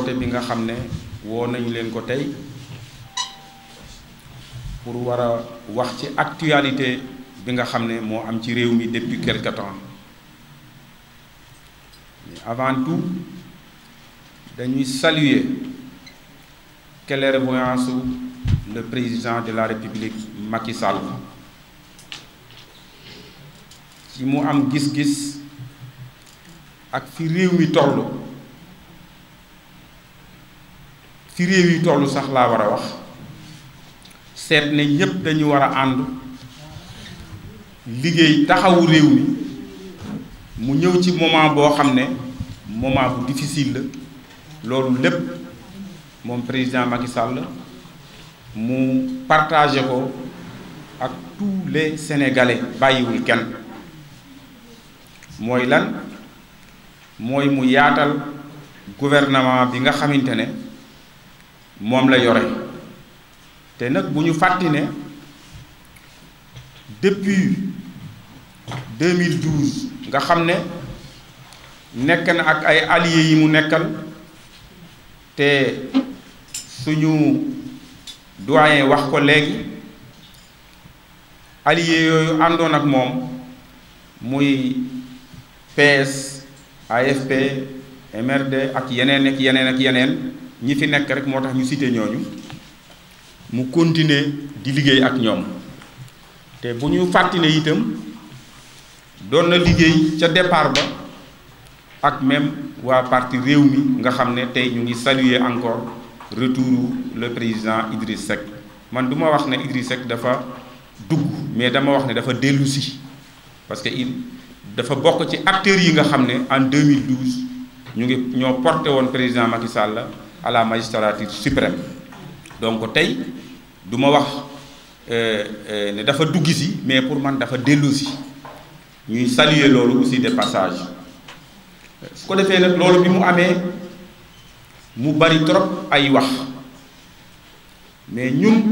woote bi nga xam ne woo nañ leen ko tey pour war a wax ci actualité bi nga xam ne moo am ci réew mi depuis quelque temps mais avant tout dañuy saluer clairvoyance le président de la république Macky Sall ci mu am gis-gis ak fi réew mi toll ci réew yi tollu sax laa war a wax seet ne ñépp dañu war a ànd liggéey taxawu réew mi mu ñëw ci moment boo xam ne moment bu difficile la loolu lépp moom président Macky Sall mu partage ko ak tous les sénégalais bàyyiwul kenn mooy lan mooy mu yaatal gouvernement bi nga xamante ne moom la yore te nag bu ñu fàtti ne depuis 2012 nga xam ne nekk na ak ay alliés yi mu nekkal te suñu doyen wax ko léegi allier yooyu àndoon ak moom muy PS AFP MRD ak yeneen ak yeneen ak yeneen ñi fi nekk rek moo tax ñu cité ñooñu mu continuer di liggéey ak ñoom te bu ñu fàttine itam doon na liggéey ca départ ba ak même waa parti réew mi nga xam ne tey ñu ngi saluer encore retour le président Idriss Seck man du ma wax ne Idriss Seck dafa dugg mais dama wax ne dafa dellusi si parce que il dafa bokk ci acteurs yi nga xam ne en deux 2012 ñu ngi ñoo porté woon président Macky la à la magistrature suprême donc tey du ma wax euh, euh, ne dafa dugg si mais pour man dafa dellu si ñuy saluer loolu aussi de passage su ko defee nag loolu bi mu amee mu bari trop ay wax mais ñun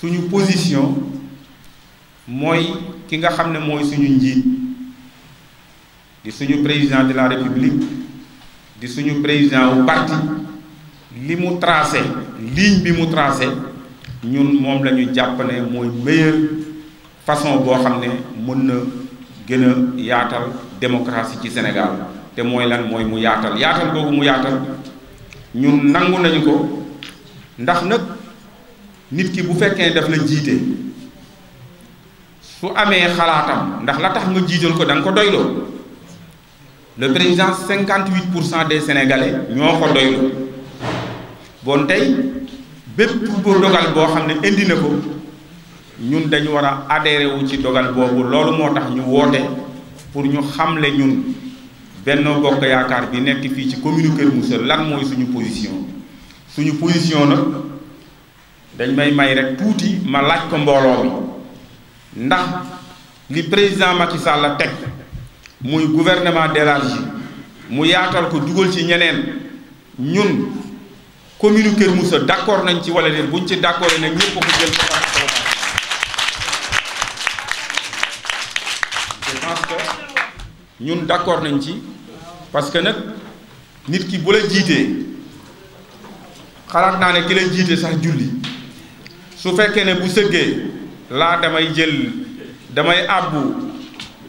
suñu position mooy ki nga xam ne mooy suñu njiiñ di suñu président de la république di suñu président wu parti li mu tracé liiñ bi mu tracé ñun moom la ñu jàpp ne mooy meilleure façon boo xam ne mën na gën a yaatal démocratie ci senegal te mooy lan mooy mu yaatal yaatal googu mu yaatal ñun nangu nañu ko ndax nag nit ki bu fekkee daf la jiite su amee xalaatam ndax la tax nga jiital ko danga ko doyloo le président 58 pour cent des sénégalais ñoo ko doylu bon tey bépp dogal boo xam ne indi na ko ñun dañu war a adhéré wu ci dogal boobu loolu moo tax ñu woote pour ñu xamle ñun Benno Bokk Yaakaar bi nekk fii ci commune Kër Moussa lan mooy suñu position suñu position na dañ may may rek tuuti ma laaj ko mbooloo mi ndax li président Macky Sall teg. muy gouvernement d'élargie mu yaatal ko dugal ci ñeneen ñun commune Kër Moussa d'accord nañ ci wala déet buñ ci d'accord nag ñëpp ko jël ko par je pense que nañ ci parce que nag nit ki bu la jiitee xalaat naa ne ki la jiite sax julli su fekkee ne bu sëggee laa damay jël damay àbbu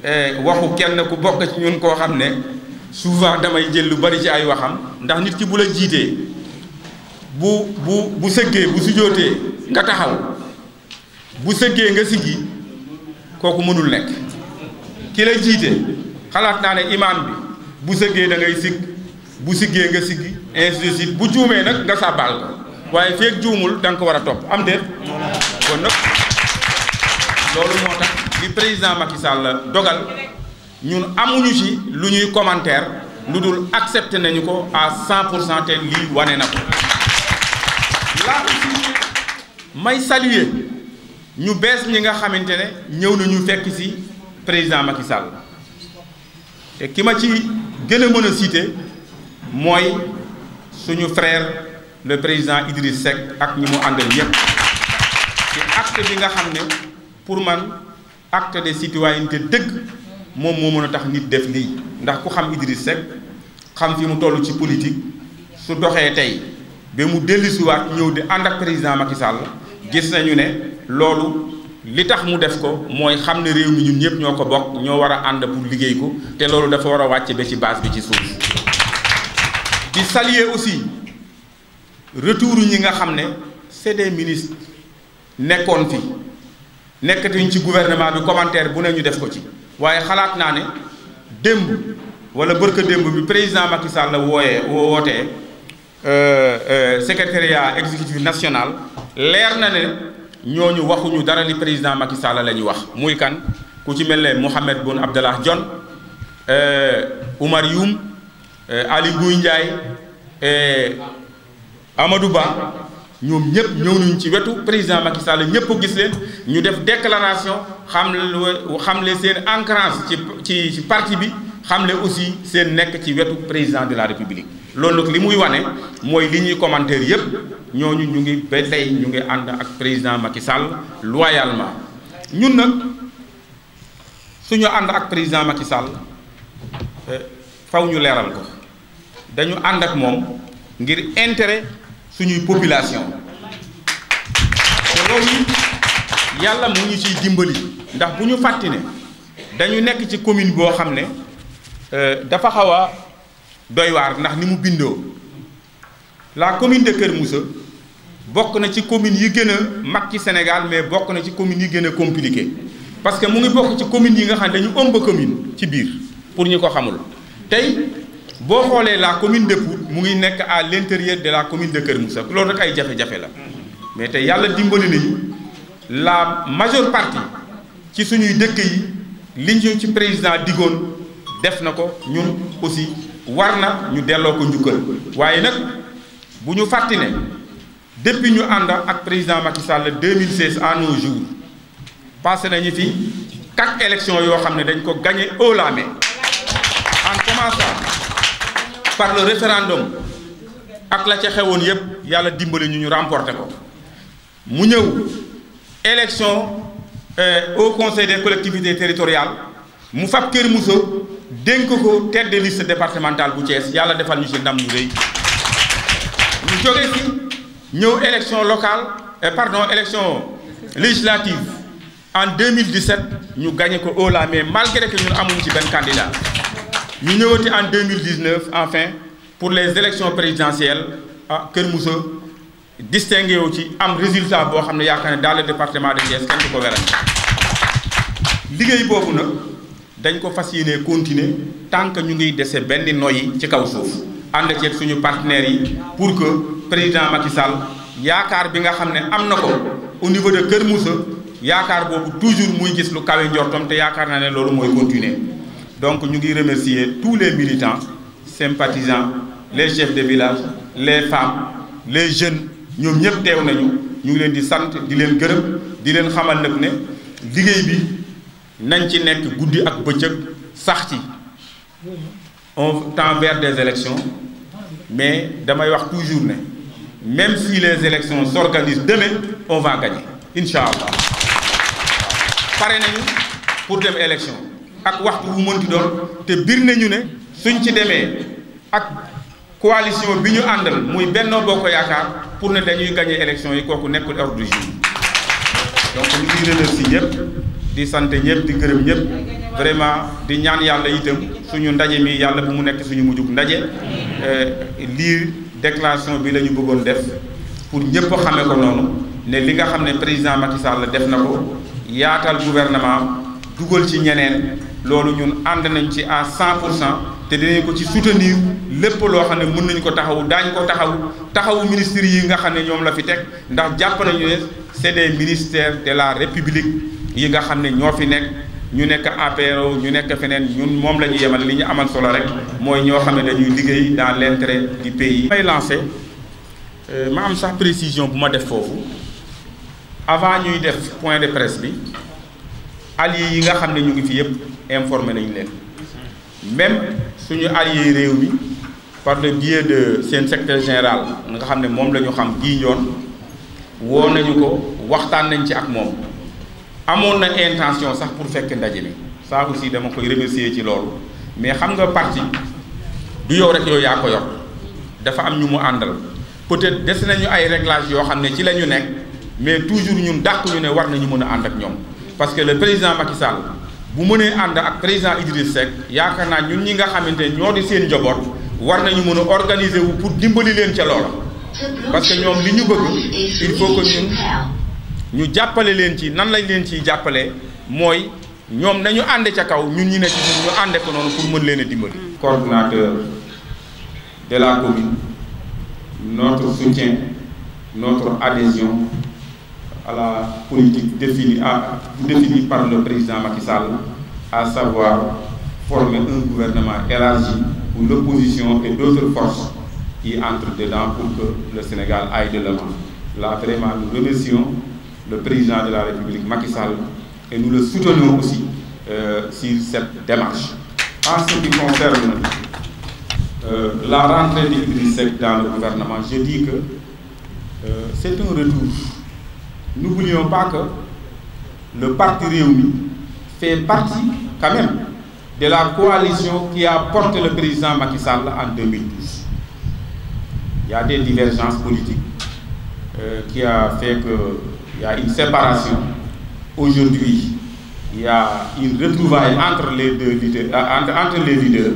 Eh, waxu kenn ku bokk ci ñun koo xam ne souvent damay jël lu bari ci ay waxam ndax nit ki bu la jiitee bu bu bu sëggee bu sujootee nga taxaw bu sëggee nga siggi kooku mënul nekk ki la jiite xalaat naa ne imaam bi bu sëggee da ngay sigg bu siggee nga siggi ainsi bu juumee nag nga sàbbaal ko waaye feeg juumul da ko war a topp am déet kon nag loolu moo tax li président Macky la dogal ñun amuñu ci lu ñuy commentaire lu dul accepté nañu ko à 100 pour cent te lii wane na ko laa may saluer ñu bees ñi nga xamante ne ñëw nañu fekk ci président Macky Sall te ki ma ci gën a mën mooy suñu frère le président Idriss Seck ak ñi mu àndal ñëpp ci acte bi nga xam ne pour man acte de citoyenneté dëgg moom moo mën a tax nit def lii ndax ku xam Idriss Seck xam fi mu toll ci politique su doxee tey ba mu dellusiwaat ñëw di ànd ak président Macky Sall gis nañu ne loolu li tax mu def ko mooy xam ne réew mi ñun ñëpp ñoo ko bokk ñoo war a ànd pour liggéey ko te loolu dafa war a wàcc ba ci base bi ci suuf di saluer aussi retour ñi nga xam ne c'est des ministres nekkoon fi. nekkatuñ ci gouvernement bi commentaire bu ne ñu def ko ci waaye xalaat naa ne démb wala bërka démb bi président Macky Sall la wooyee wootee euh, euh, secrétariat exécutif national leer na ne ñooñu waxuñu dara li président Macky Sall la ñuy wax muy kan ku ci mel ne Mouhamed Boun Abdallah Dionne euh, Oumar Youm Ali Ngouille njaay Amadou Ba ñoom ñëpp ñëw nañu ci wetu président Macky Sall ñëpp gis leen ñu def déclaration xam xamle seen ancrage ci ci ci parti bi xam xamle aussi seen nekk ci wetu président de la république. loolu li muy wane mooy li ñuy commentaire yëpp ñoo ñu ñu ngi ba tey ñu ngi ànd ak président Macky Sall loyalement ñun nag suñu ànd ak président Macky Sall eh, faw ñu leeral ko dañu ànd ak moom ngir intérêt. suñuy population te loolu yàlla mu ñu ciy dimbali ndax bu ñu fàtti ne dañu nekk ci commune boo xam ne euh, dafa xaw a doy waar ndax ni mu bindoo la commune de Kër Moussa bokk na ci commune yi gën a mag ci Sénégal mais bokk na ci commune yi gën a compliqué parce que mu ngi bokk ci commune yi nga xam ne dañu ëmb commune ci biir pour ñu ko xamul tey boo xoolee la commune de Pout mu ngi nekk à l'intérieur de la commune de Kër Moussa loolu rek ay jafe-jafe la mais te yàlla dimbali nañu la majeure partie ci suñuy dëkk yi li ñu ci président digoon def na ko ñun aussi war na ñu delloo ko njukkal waaye nag bu ñu fàtti ne depuis ñu ànd ak président Macky Sall 2016 à nos jours passé nañu fi quatre élections yoo xam ne dañ ko gagné haut la main en commençant par le référendum ak la ca xewoon yépp yàlla dimbali ñu ñu remporté ko mu ñëw élection euh, au conseil des collectivités territoriales mu fab Kër Moussa dénk ko tête de liste départementale bu Thiès yàlla defal ñu ci ndam ñu rëy ñu jóge ci ñëw élection locale euh, pardon élection législative en 2017 ñu gagné ko haut la mais malgré que ñun amuñu ci benn candidat ñu ñëwati en 2019 enfin pour les élections présidentielles ah Kër Moussa distingué wu ci am résultat boo xam ne yaakaar ne dans le département de Thiès kenn du ko weral liggéey boobu nag dañ ko fas yéenee continuer tant que ñu ngi dese benn noyyi ci kaw suuf ànd ceeg suñu partenaires yi pour que président Macky Sall yaakaar bi nga xam ne am na ko au niveau de Kër Moussa yaakaar boobu toujours muy gis lu kawe njortam te yaakaar naa ne loolu mooy continuer donc ñu ngi remercier tous les militants sympathisants les chefs de village les femmes les jeunes ñoom ñëpp teew nañu ñu ngi leen di sant di leen gërëm di leen xamal nag ne liggéey bi nañ ci nekk guddi ak bëccëg sax ci on temps vers des élections mais damay wax toujours ne même si les élections s'organisent demain on va gagner incha allah pare nañu pour dem élection ak waxtu wu mënti doon te bir nañu ne suñ ci demee ak coalition bi ñu àndal muy Benno Bokk Yaakaar pour ne dañuy gagné élection yi kooku nekkul ordre du jour donc ñu ngi remercier ñëpp di sant ñëpp di gërëm ñëpp vraiment di ñaan yàlla itam suñu ndaje mi yàlla bu mu nekk suñu mujjug ndaje euh, lii déclaration bi la bëggoon def pour ñëpp xamee ko noonu ne li nga xam ne président Macky Sall def na ko yaatal gouvernement dugal ci ñeneen loolu ñun ànd nañ ci à cent pour cent te dinañ ko ci soutenir lépp loo xam ne mën nañ ko taxawu daañ ko taxawu taxawu ministres yi nga xam ne ñoom la fi teg ndax jàpp nañu ne c'est des ministères de la république yi nga xam ne ñoo fi nekk ñu nekk APRO ñu nekk feneen ñun moom la ñu yemal li ñu amal solo rek mooy ñoo xam ne dañuy liggéey dans l'intérêt du yi may lancé euh, ma am sax précision bu ma def foofu avant ñuy def point de presse bi. allié yi nga xam ne ñu ngi fii yëpp informé nañu leen même suñu allié réew mi par le biais de seen secteur général nga xam ne moom la ñu xam gii ñoon woo nañu ko waxtaan nañ ci ak moom amoon na intention sax pour fekk ndaje mi ça aussi dama koy remercier ci loolu mais xam nga parti du yow rek yow yaa ko yor dafa am ñu mu àndal peut-être des nañu ay réglage yoo xam ne ci la ñu nekk mais toujours ñun dàq ñu ne war nañu mën a ànd ak ñoom parce que le président Macky Sall bu mënee ànd ak président Idriss Seck yaakar naa ñun ñi nga xamante ne ñoo di seen njaboot war nañu mën a organiser wu pour dimbali leen ca loola. parce que ñoom li ñu bëgg il faut que ñun ñu jàppale leen ci nan lañ leen ciy jàppale mooy ñoom nañu ànde ca kaw ñun ñi ne ci ñu ànde ko noonu pour mën leen dimbali. kordinateur de la commune notre soutien notre adhésion. à la politique définie, à, définie par le président Macky Sall, à savoir former un gouvernement élargi où l'opposition et d'autres forces y entrent dedans pour que le Sénégal aille la l'avant. Là, vraiment, nous remercions le président de la République, Macky Sall, et nous le soutenons aussi euh, sur cette démarche. En ce qui concerne euh, la rentrée d'Idriss Seck dans le gouvernement, je dis que euh, c'est un retour n'oublions pas que le parti Réumi fait partie quand même de la coalition qui a porté le président Macky Sall en 2012. Il y a des divergences politiques euh, qui a fait qu'il y a une séparation. Aujourd'hui, y a une retrouvaille entre les deux leaders, euh, entre, entre les leaders.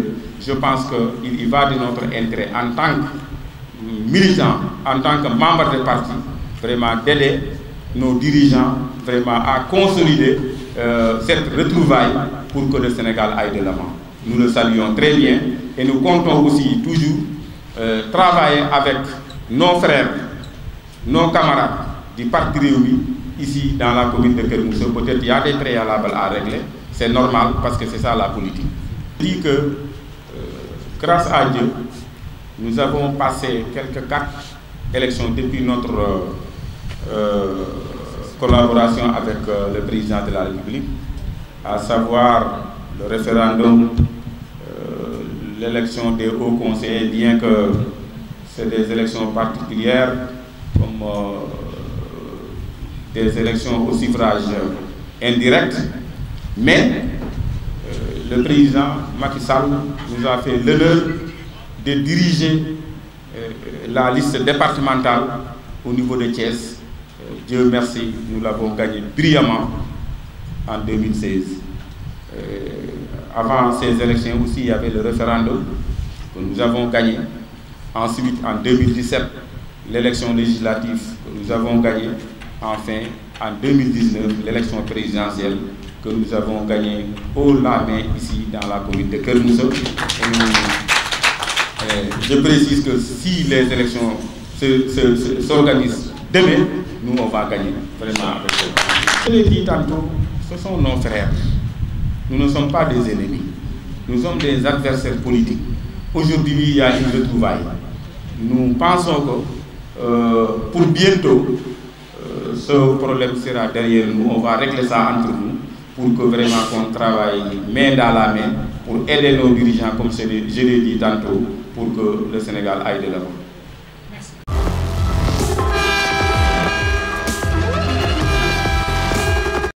Je pense que il va de notre intérêt en tant que militant, en tant que membre de parti, vraiment d'aider nos dirigeants vraiment à consolider euh, cette retrouvaille pour que le Sénégal aille de l'avant. Nous le saluons très bien et nous comptons aussi toujours euh, travailler avec nos frères, nos camarades du Parti ici dans la commune de Kermoussou. Peut-être il y a des préalables à régler, c'est normal parce que c'est ça la politique. Je dis que euh, grâce à Dieu, nous avons passé quelques quatre élections depuis notre euh, Euh, collaboration avec euh, le président de la République, à savoir le référendum, euh, l'élection des hauts conseillers, bien que c'est des élections particulières, comme des élections au suffrage indirect, mais le président Macky Sall nous a fait l'honneur de diriger la liste départementale au niveau de Thiès Dieu merci, nous l'avons gagné brillamment en 2016. Euh, avant ces élections aussi, il y avait le référendum que nous avons gagné. Ensuite, en 2017, l'élection législative que nous avons gagnée. Enfin, en 2019, l'élection présidentielle que nous avons gagnée haut la main ici dans la commune de Kermoussou. Euh, je précise que si les élections s'organisent demain, nous, on va gagner, vraiment avec eux. Je l'ai dit tantôt, ce sont nos frères. Nous ne sommes pas des ennemis. Nous sommes des adversaires politiques. Aujourd'hui, il y a une retrouvaille. Nous euh, pour bientôt, euh, ce problème sera derrière nous. On va régler ça entre nous pour que vraiment qu'on travaille main dans la main pour aider nos dirigeants, comme je l'ai pour que le Sénégal aille de l'avant.